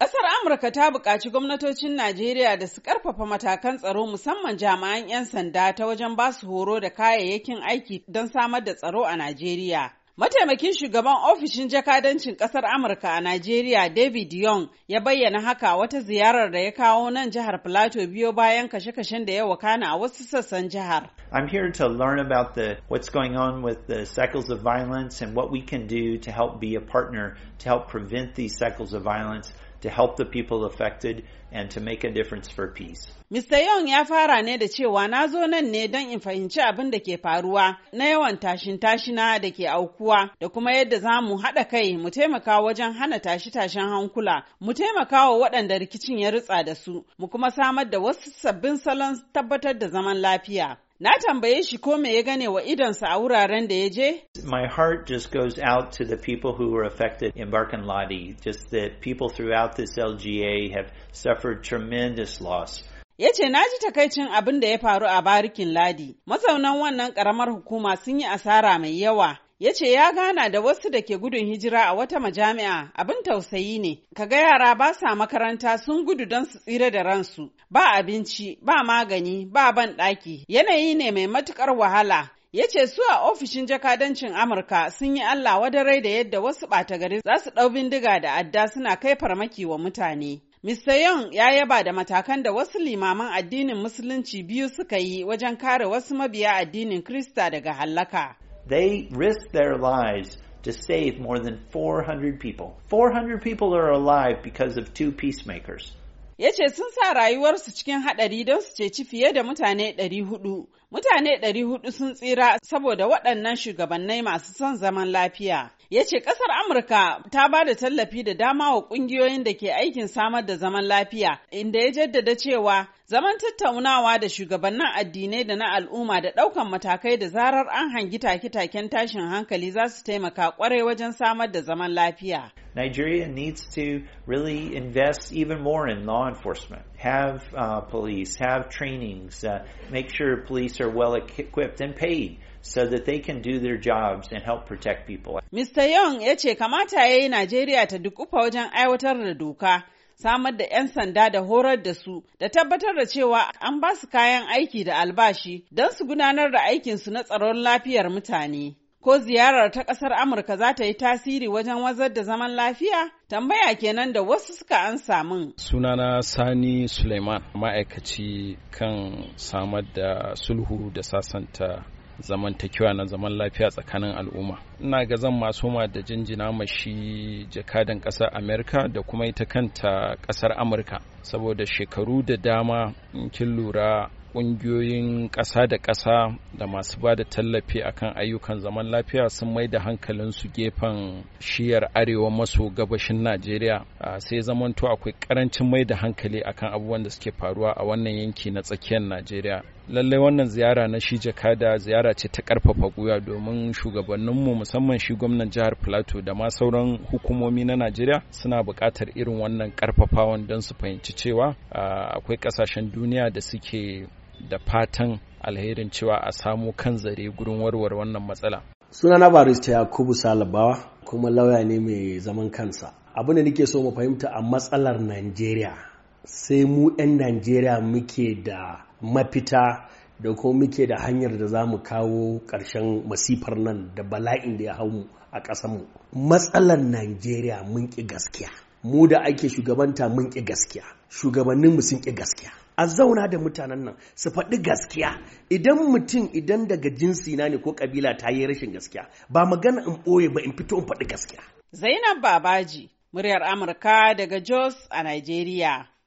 Ƙasar Amurka ta buƙaci gwamnatocin Najeriya da su ƙarfafa matakan tsaro musamman jami'an 'yan sanda ta wajen ba su horo da kayayyakin aiki don samar da tsaro a Najeriya. Mataimakin shugaban ofishin jakadancin ƙasar Amurka a Najeriya David Young ya bayyana haka wata ziyarar da ya kawo nan jihar Plateau biyo bayan kashe-kashen da ya wakana a wasu sassan jihar. I'm here to learn about the what's going on with the cycles of violence and what we can do to help be a partner to help prevent these cycles of violence. to help the people affected and to make a difference for peace. Mr. Young ya fara ne da cewa na zo nan ne don in fahimci abin da ke faruwa na yawan tashin tashina da ke aukuwa da kuma yadda za mu haɗa kai mu taimaka wajen hana tashi-tashin hankula, mu taimaka wa waɗanda rikicin ya ritsa da su, mu kuma samar da wasu sabbin salon tabbatar da zaman lafiya. Na tambaye shi ko me ya gane wa idonsa a wuraren da ya je? My heart just goes out to the people who were affected in barkin Barkanladi, just that people throughout this LGA have suffered tremendous loss. Ya ce na ji takaicin abin da ya faru a barikin ladi. Mazaunan wannan ƙaramar hukuma sun yi asara mai yawa ya ce ya gana da wasu da ke gudun hijira a wata majami'a abin tausayi ne kaga yara ba sa makaranta sun gudu don su tsira da ransu ba abinci ba magani ba ban ɗaki yanayi ne mai matukar wahala ya ce su a ofishin jakadancin amurka sun yi allah wadarai da yadda wasu ɓata gari za su ɗau bindiga da adda suna kai farmaki wa mutane Mr. Young ya yaba da matakan da wasu limaman addinin Musulunci biyu suka yi wajen kare wasu mabiya addinin Krista daga hallaka. They risked their lives to save more than 400 people. 400 people are alive because of two peacemakers. ya ce sun sa rayuwarsu cikin haɗari don su ceci fiye da mutane 400. Mutane 400 sun tsira saboda waɗannan shugabannai masu son zaman lafiya. Ya ce ƙasar Amurka ta ba da tallafi da dama wa ƙungiyoyin da ke aikin samar da zaman lafiya, inda ya jaddada cewa Zaman tattaunawa da shugabannin addinai da na al'umma da ɗaukan matakai da zarar an hangi take-taken tashin hankali za su taimaka kwarai wajen samar da zaman lafiya. Nigeria needs to really invest even more in law enforcement. Have uh, police, have trainings, uh, make sure police are well equipped and paid so that they can do their jobs and help protect people. Mr. Young ya ce kamata ya yi Najeriya ta dukufa wajen aiwatar da doka. samar da 'yan sanda da horar da su da tabbatar da cewa an ba su kayan aiki da albashi don su gudanar da aikinsu na tsaron lafiyar mutane. Ko ziyarar ta ƙasar Amurka za ta yi tasiri wajen wazar da zaman lafiya? Tambaya kenan da wasu suka an samun. Sunana Sani Suleiman ma'aikaci kan samar da sulhu da sasanta zamantakewa na zaman lafiya tsakanin al'umma ina ga zan masu ma da jinjina ma shi jakadan ƙasar amerika da kuma ita kanta ƙasar amurka saboda shekaru da dama in kin lura ƙungiyoyin ƙasa da ƙasa da masu ba da tallafi akan ayyukan zaman lafiya sun mai da hankalin su gefen shiyar arewa maso gabashin najeriya sai zamanto akwai ƙarancin mai da hankali akan abubuwan da suke faruwa a wannan yanki na tsakiyar najeriya lallai wannan ziyara na shi jakada ziyara ce ta karfafa gwiwa domin shugabanninmu musamman shi gwamnan jihar plateau da ma sauran hukumomi na najeriya suna buƙatar irin wannan karfafawan don su fahimci cewa akwai ƙasashen duniya da suke da fatan alherin cewa a samu kan zare gurin warware wannan matsala sunana barista yakubu salabawa kuma lauya ne mai zaman kansa abin da nake so mu fahimta a matsalar najeriya sai mu 'yan najeriya muke da mafita da kuma muke da hanyar da za mu kawo ƙarshen masifar nan da bala'in da ya hau mu a mu. matsalar najeriya mun ƙi gaskiya mu da ake shugabanta mun ƙi gaskiya shugabanninmu sun ƙi gaskiya a zauna da mutanen nan su faɗi gaskiya idan mutum idan daga jinsi na ne ko ƙabila ta yi rashin gaskiya ba magana in ɓoye ba in fito in faɗi gaskiya zainab babaji muryar amurka daga jos a Najeriya.